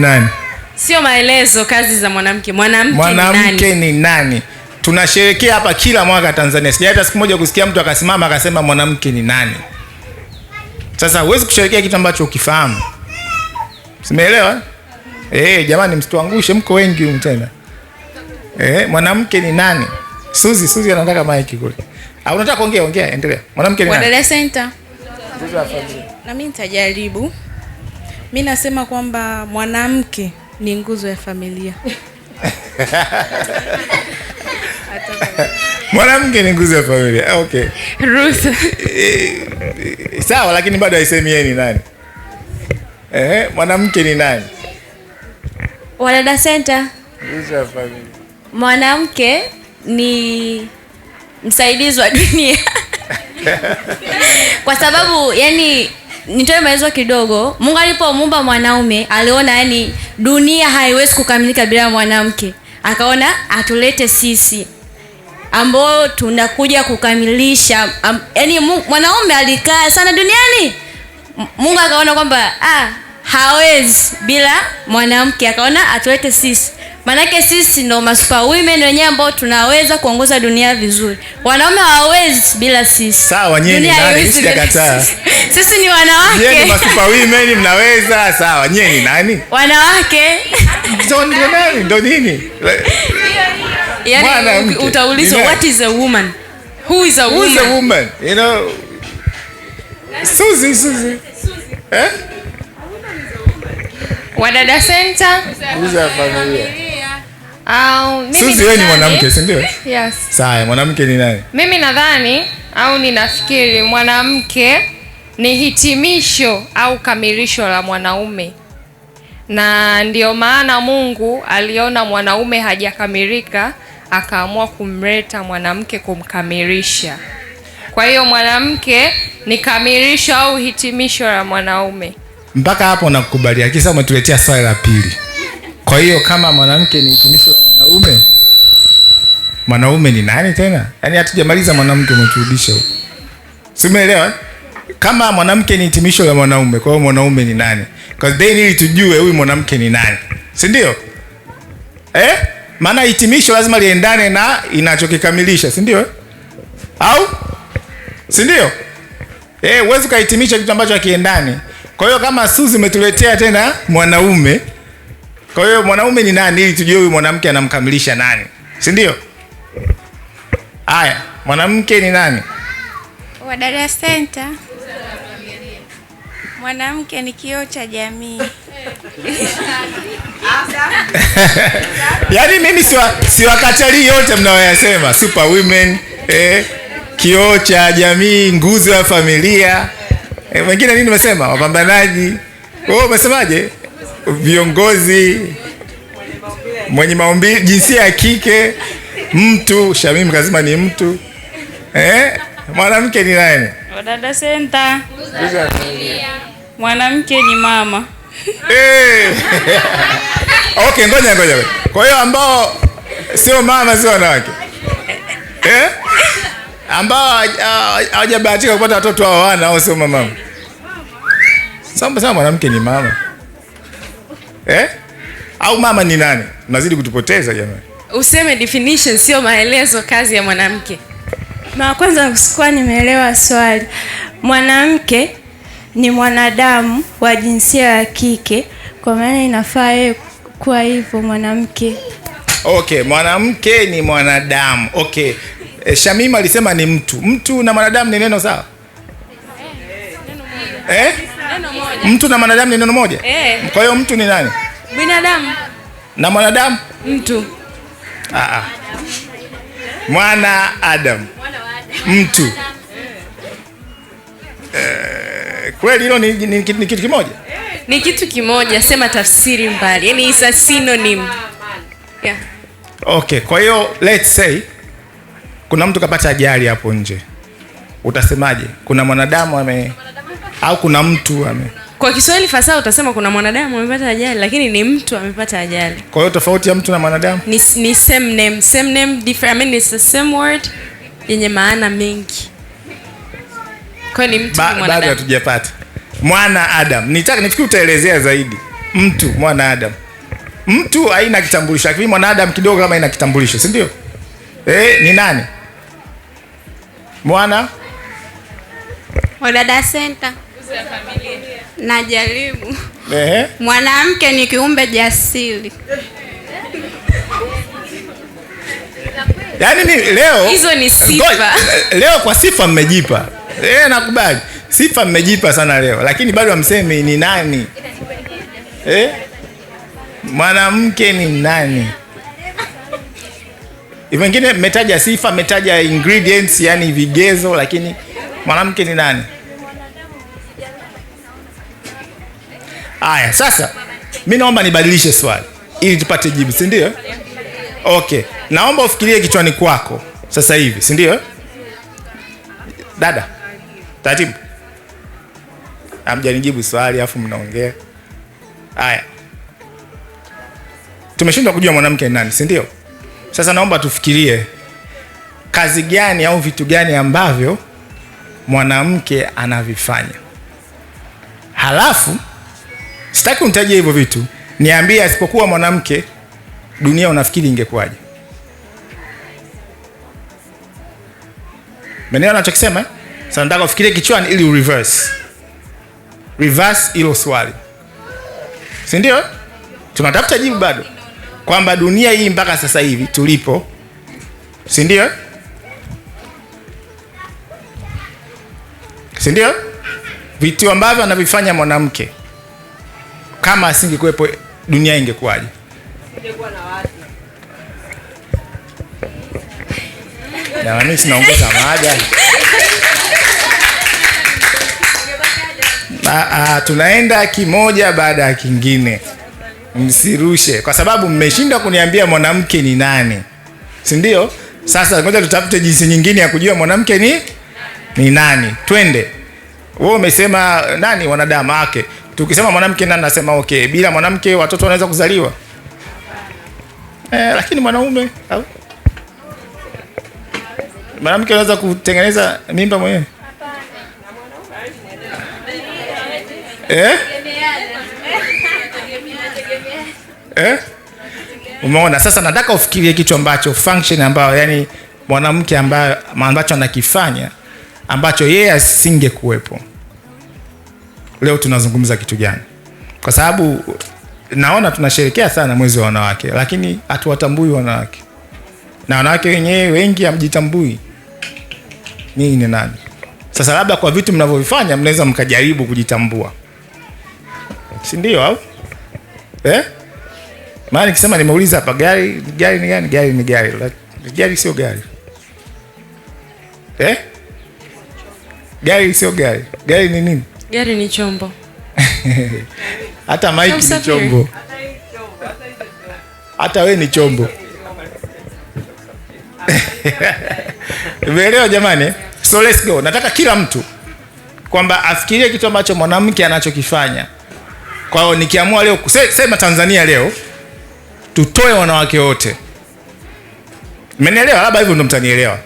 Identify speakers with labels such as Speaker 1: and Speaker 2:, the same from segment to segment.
Speaker 1: Nani? Sio maelezo kazi za mwanamke. Mwanamke, mwanamke
Speaker 2: ni nani? Nani? Tunasherekea hapa kila mwaka Tanzania. Sija hata siku moja kusikia mtu akasimama akasema mwanamke ni nani. Sasa huwezi kusherekea kitu ambacho ukifahamu. Simeelewa? Eh, Hey, jamani msituangushe mko wengi huko tena. Eh, Hey, mwanamke ni nani? Suzi, Suzi anataka mike kule. Au ah, unataka kuongea, ongea, endelea. Mwanamke ni nani?
Speaker 3: Wadada Center. Na mimi nitajaribu. Mi nasema kwamba mwanamke ni nguzo ya familia
Speaker 2: mwanamke ni nguzo ya familia. Ah, okay, Ruth eh, eh, sawa, lakini bado haisemi yeye ni nani. eh, mwanamke ni nani?
Speaker 3: Wadada Center, nguzo ya familia. Mwanamke ni msaidizi wa dunia kwa sababu yani nitoe maelezo kidogo. Mungu alipomuumba mwanaume aliona, yani dunia haiwezi kukamilika bila mwanamke, akaona atulete sisi ambao tunakuja kukamilisha am, yani mwanaume alikaa sana duniani. Mungu akaona kwamba ah, hawezi bila mwanamke, akaona atulete sisi. Maanake sisi ndo masupa women wenyewe ambao tunaweza kuongoza dunia vizuri. Wanaume hawawezi bila sisi.
Speaker 2: Sawa, nyenye nani? Sijakataa.
Speaker 3: Sisi ni wanawake. Yeye ni
Speaker 2: masupa women mnaweza sawa. Nyie ni nani?
Speaker 3: Wanawake.
Speaker 2: Ndio nani? Ndio nini?
Speaker 3: Yaani utaulizwa what is a woman? Who is a woman? Who is
Speaker 2: a woman? You know. Suzi, Suzi. Eh?
Speaker 3: Wadada Center. Uza familia.
Speaker 2: Au mimi Suzi wewe ni mwanamke, si ndio? Yes. Sawa, mwanamke ni nani?
Speaker 3: Mimi nadhani au ninafikiri mwanamke ni hitimisho au kamilisho la mwanaume, na ndio maana Mungu aliona mwanaume hajakamilika akaamua kumleta mwanamke kumkamilisha. Kwa hiyo mwanamke ni kamilisho au hitimisho la mwanaume.
Speaker 2: Mpaka hapo nakukubalia, kisa umetuletea swali la pili. Kwa hiyo kama mwanamke ni hitimisho la mwanaume, mwanaume ni nani tena? Yaani hatujamaliza mwanamke, umeturudisha huko, simeelewa kama mwanamke ni hitimisho la mwanaume, kwa hiyo mwanaume ni nani? Because they need tujue huyu mwanamke ni nani, si ndio? Eh, maana hitimisho lazima liendane na inachokikamilisha, si ndio? Au si ndio? Eh, huwezi ukahitimisha kitu ambacho hakiendani. Kwa hiyo kama Suzi umetuletea tena mwanaume, kwa hiyo mwanaume ni nani, ili tujue huyu mwanamke anamkamilisha nani, si ndio? Haya, mwanamke ni nani?
Speaker 3: Wadada Center. Mwanamke ni kioo cha jamii.
Speaker 2: Yaani mimi siwakatalii yote mnayoyasema, women eh, kioo cha jamii, nguzo ya familia, eh, wengine nini nimesema, wapambanaji. Wewe oh, umesemaje? Viongozi, mwenye maumbile, jinsia ya kike, mtu Shamim kazima ni mtu eh? Mwanamke ni nani?
Speaker 3: Wadada Center mwanamke ni mama.
Speaker 2: hey. Eh. Okay, ngoja ngoja. Kwa hiyo ambao sio mama sio wanawake eh? ambao hawajabahatika kupata watoto hao wana au sio mama? Sasa sasa mwanamke ni mama eh? au mama ni nani? Mnazidi kutupoteza jamani.
Speaker 3: Useme definition, sio maelezo. Kazi ya mwanamke. Mara kwanza sikuwa nimeelewa swali. Mwanamke ni mwanadamu wa jinsia ya kike, kwa maana inafaa yeye kuwa hivyo mwanamke.
Speaker 2: Okay, mwanamke ni mwanadamu. Okay, e, Shamima alisema ni mtu. Mtu na mwanadamu ni neno sawa? Eh, eh? Neno moja. Mtu na mwanadamu ni neno moja? Eh. Kwa hiyo mtu ni nani? Binadamu. Na mwanadamu? Mtu. Ah ah. Mwana Adam. Mwana wa Adam. Mtu. Eh. eh. Kweli hilo ni, ni, ni, ni kitu kimoja,
Speaker 3: ni kitu kimoja, sema tafsiri mbali, yani is a synonym. Yeah.
Speaker 2: Okay, kwa hiyo let's say kuna mtu kapata ajali hapo nje, utasemaje? Kuna mwanadamu ame au kuna mtu ame
Speaker 3: kwa Kiswahili fasaha utasema kuna mwanadamu amepata ajali, lakini ni mtu amepata ajali.
Speaker 2: Kwa hiyo tofauti ya mtu na mwanadamu
Speaker 3: ni, ni same name, same name different, I mean it's the same word yenye maana mengi ni mtu ba,
Speaker 2: bado hatujapata mwana Adam. Nitaka nifikiri utaelezea zaidi mtu mwana Adam. Mtu haina kitambulisho, lakini mwana Adam kidogo kama ina kitambulisho, si ndio? Eh, ni nani mwana
Speaker 3: Wadada senta Najaribu. Ehe, mwanamke ni kiumbe jasiri.
Speaker 2: Yaani ni leo
Speaker 3: hizo ni sifa.
Speaker 2: Leo kwa sifa mmejipa Eh, nakubali sifa mmejipa sana leo, lakini bado amsemi ni nani eh? Mwanamke ni nani? Wengine mmetaja sifa, mmetaja ingredients, yani vigezo, lakini mwanamke ni nani? Aya, sasa mi naomba nibadilishe swali ili tupate jibu, si ndio? Okay, naomba ufikirie kichwani kwako sasa hivi, si ndio dada? taratibu. amjanijibu swali afu mnaongea haya. Tumeshindwa kujua mwanamke ni nani, si ndio? Sasa naomba tufikirie kazi gani au vitu gani ambavyo mwanamke anavifanya, halafu sitaki unitajie hivyo vitu, niambie asipokuwa mwanamke dunia unafikiri ingekuwaje? Meneo anachokisema eh? Sasa nataka ufikirie kichwani ili ureverse. Reverse hilo swali. Si ndio? Tunatafuta jibu bado kwamba dunia hii mpaka sasa hivi tulipo, si ndio? Si ndio? Vitu ambavyo anavifanya mwanamke kama asingekuwepo dunia ingekuwaje? Jamani, sinaongoza maajabu. a, ah, ah, tunaenda kimoja baada ya kingine, msirushe kwa sababu mmeshindwa kuniambia mwanamke ni nani, si ndio? Sasa ngoja tutafute jinsi nyingine ya kujua mwanamke ni ni nani. Twende. Wewe umesema nani? Wanadamu wake. Tukisema mwanamke nani, nasema okay, bila mwanamke watoto wanaweza kuzaliwa eh, lakini mwanaume mwanamke anaweza kutengeneza mimba mwenyewe eh? Eh? Umeona sasa, nataka ufikirie kitu ambacho function ambayo yani mwanamke ambayo ambacho anakifanya ambacho yeye asinge kuwepo Leo tunazungumza kitu gani? Kwa sababu naona tunasherekea sana mwezi wa wanawake, lakini hatuwatambui wanawake na wanawake wenyewe wengi hamjitambui nini ni nani. Sasa labda kwa vitu mnavyovifanya mnaweza mkajaribu kujitambua si ndio au? Eh? Maana nikisema nimeuliza hapa gari gari ni gani? Gari ni gari. Gari sio gari. Eh? Gari sio gari. Gari ni nini?
Speaker 3: Gari ni chombo.
Speaker 2: Hata Mike ni chombo. Hata we ni chombo. Umeelewa jamani? So let's go. Nataka kila mtu kwamba afikirie kitu ambacho mwanamke anachokifanya kwa hiyo nikiamua leo kusema Tanzania leo tutoe wanawake wote, mmenielewa? Labda hivyo ndo mtanielewa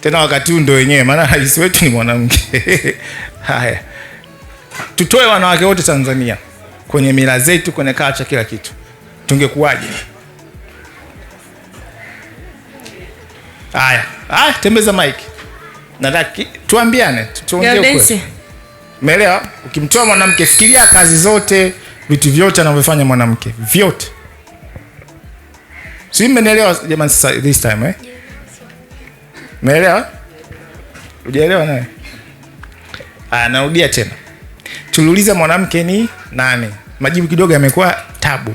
Speaker 2: tena, wakati huu ndo wenyewe, maana rais wetu ni mwanamke haya, tutoe wanawake wote Tanzania kwenye mila zetu, kwenye kacha, kila kitu, tungekuwaje? Haya, ah, tembeza mike, nataki tuambiane,
Speaker 3: tuongee ukweli,
Speaker 2: umeelewa? Ukimtoa mwanamke, fikiria kazi zote vitu vyote anavyofanya mwanamke vyote, si mmenielewa jamani? Sasa this time eh, umeelewa? Ujaelewa naye? Ah, narudia tena, tuliuliza mwanamke ni nani? Majibu kidogo yamekuwa tabu,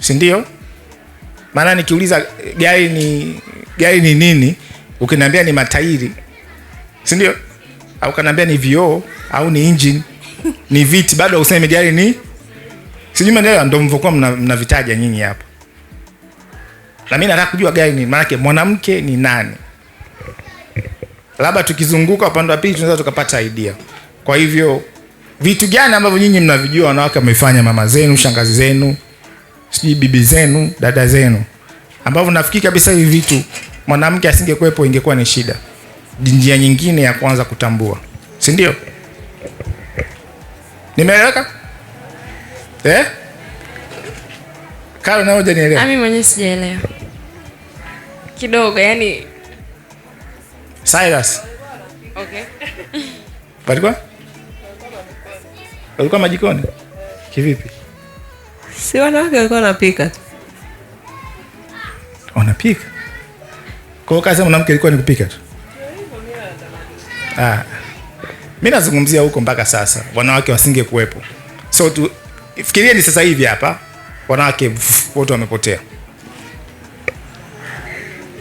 Speaker 2: si ndio? Maana nikiuliza gari ni gari ni nini, ukiniambia ni matairi, si ndio? Au kaniambia ni vioo au ni engine, ni viti, bado useme gari ni Sijui mnaelewa, ndo mlivyokuwa mnavitaja mna nyinyi hapa, na mimi nataka kujua gani maanake mwanamke ni nani. Labda tukizunguka upande wa pili tunaweza tukapata idea. Kwa hivyo vitu gani ambavyo nyinyi mnavijua wanawake wamefanya, mama zenu, shangazi zenu, sijui bibi zenu, dada zenu, ambavyo nafikiri kabisa hivi vitu mwanamke asingekuwepo ingekuwa ni shida. Njia nyingine ya kwanza kutambua, si ndio? Nimeeleweka? eh? Karo na hoja nielewa.
Speaker 3: Mimi mwenyewe sijaelewa kidogo, yani Cyrus. Okay.
Speaker 2: Palikuwa? Walikuwa majikoni? Kivipi?
Speaker 3: Si wanawake walikuwa wanapika.
Speaker 2: Wanapika. Kwa hiyo kazi mwanamke ilikuwa ni kupika tu. Ah. Mimi nazungumzia huko mpaka sasa wanawake wasinge kuwepo. So tu ni sasa hivi hapa wanawake wote wamepotea.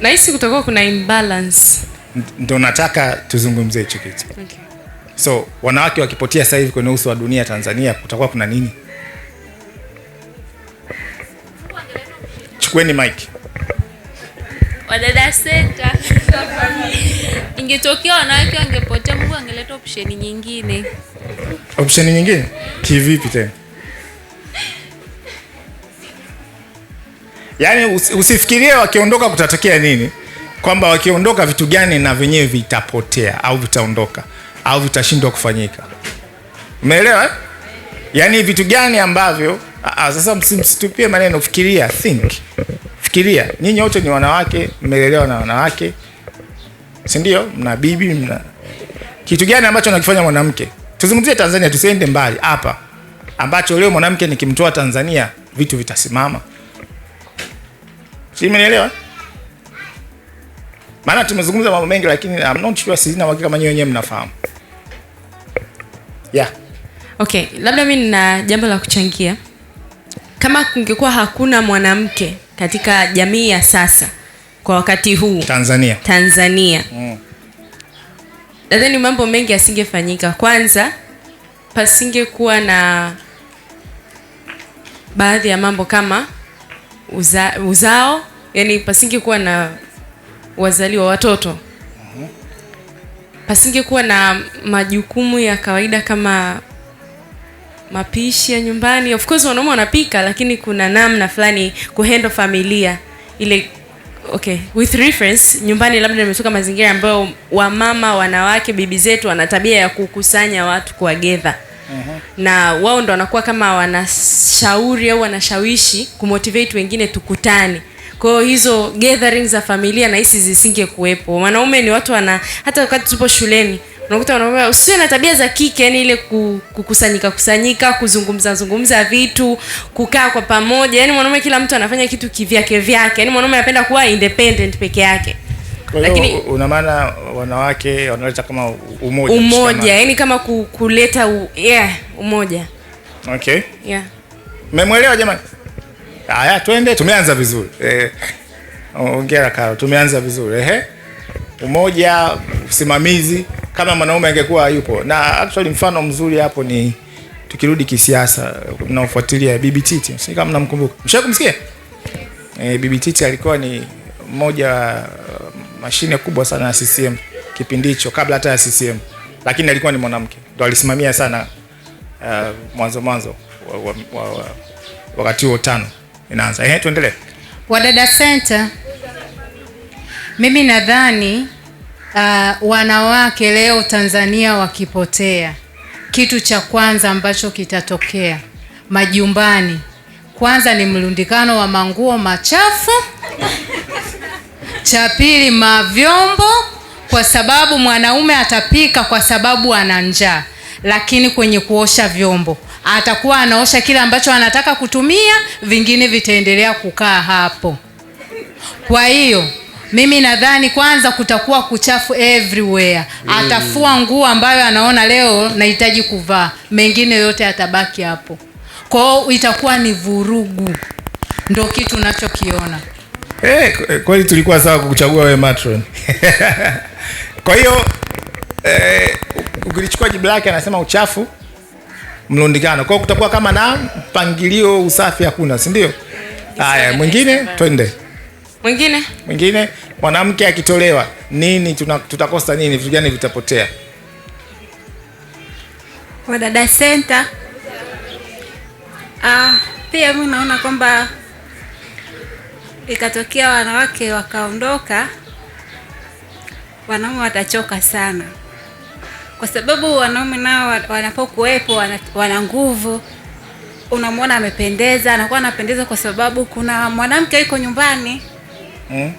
Speaker 3: Nahisi kutakuwa kuna imbalance,
Speaker 2: ndio nataka tuzungumzie hicho kitu okay. So wanawake wakipotea sasa hivi kwenye uso wa dunia Tanzania, kutakuwa kuna nini? Chukueni mike
Speaker 3: wadada ingetokea wanawake wangepotea, Mungu angeleta option nyingine.
Speaker 2: Option nyingine kivipi tena? yani usifikirie wakiondoka kutatokea nini, kwamba wakiondoka vitu gani na vyenyewe vitapotea au vitaondoka au vitashindwa kufanyika. Umeelewa eh? yani vitu gani ambavyo sasa msitupie maneno, fikiria, think, fikiria. Nyinyi wote ni wanawake, mmelelewa na wanawake, sindio Mna bibi, mna kitu gani ambacho nakifanya mwanamke? Tuzungumzie Tanzania, tusiende mbali hapa, ambacho leo mwanamke nikimtoa Tanzania vitu vitasimama si mnielewa? Maana tumezungumza mambo mengi lakini I'm not sure sina uhakika kama nyinyi wenyewe mnafahamu. Yeah.
Speaker 3: Okay, labda mimi nina jambo la kuchangia. Kama kungekuwa hakuna mwanamke katika jamii ya sasa kwa wakati huu Tanzania, Tanzania. Mm. Nadhani mambo mengi yasingefanyika. Kwanza pasingekuwa na baadhi ya mambo kama uza, uzao yani pasingekuwa na wazaliwa watoto pasinge kuwa pasingekuwa na majukumu ya kawaida kama mapishi ya nyumbani. Of course wanaume wanapika, lakini kuna namna fulani kuhendo familia ile okay with reference nyumbani, labda nimetoka mazingira ambayo wamama, wanawake, bibi zetu wana tabia ya kukusanya watu kuwagedha Uh-huh. na wao ndo wanakuwa kama wanashauri au wanashawishi kumotivate wengine tukutane kwa hizo gathering za familia na hisi zisinge kuwepo. Wanaume ni watu wana, hata wakati tupo shuleni unakuta wanaume usiwe na tabia za kike, yani ile kukusanyika kusanyika, kuzungumza zungumza vitu, kukaa kwa pamoja. Yani mwanaume, kila mtu anafanya kitu kivyake vyake, yani mwanaume anapenda kuwa independent peke yake
Speaker 2: lakini una maana wanawake wanaleta kama umoja,
Speaker 3: umoja yani kama kuleta u, yeah, umoja. Okay, yeah,
Speaker 2: mmemwelewa jamani? Haya, twende, tumeanza vizuri eh. Ongera Karo, tumeanza vizuri ehe. Umoja, usimamizi kama mwanaume angekuwa yupo Na actually mfano mzuri hapo ni tukirudi kisiasa, mnaofuatilia Bibi Titi, si kama mnamkumbuka, mshakumsikia eh? Bibi Titi alikuwa ni mmoja mashine kubwa sana ya CCM kipindi hicho, kabla hata ya CCM, lakini alikuwa ni mwanamke ndo alisimamia sana uh, mwanzo mwanzo wa, wa, wa, wa, wakati huo tano inaanza. Ehe, tuendelee.
Speaker 3: Wadada Center, mimi nadhani uh, wanawake leo Tanzania wakipotea, kitu cha kwanza ambacho kitatokea majumbani kwanza ni mlundikano wa manguo machafu cha pili, mavyombo, kwa sababu mwanaume atapika kwa sababu ana njaa, lakini kwenye kuosha vyombo atakuwa anaosha kile ambacho anataka kutumia, vingine vitaendelea kukaa hapo. Kwa hiyo mimi nadhani kwanza kutakuwa kuchafu everywhere. Atafua mm. nguo ambayo anaona leo nahitaji kuvaa, mengine yote atabaki hapo. kwao itakuwa ni vurugu, ndo kitu unachokiona.
Speaker 2: Eh, kweli tulikuwa sawa kukuchagua wewe matron. Kwa hiyo eh, ukilichukua jibu lake anasema uchafu mlundikano. Kwa hiyo kutakuwa kama na mpangilio, usafi hakuna, si ndio? Haya, mwingine twende. Mwingine? Mwingine mwanamke akitolewa nini tuna, tutakosa nini? Vitu gani vitapotea?
Speaker 3: Wadada center. Ah, pia mimi naona kwamba ikatokea wanawake wakaondoka, wanaume watachoka sana, kwa sababu wanaume nao wanapokuwepo wana nguvu. Unamwona amependeza, anakuwa anapendeza kwa sababu kuna mwanamke yuko nyumbani eh?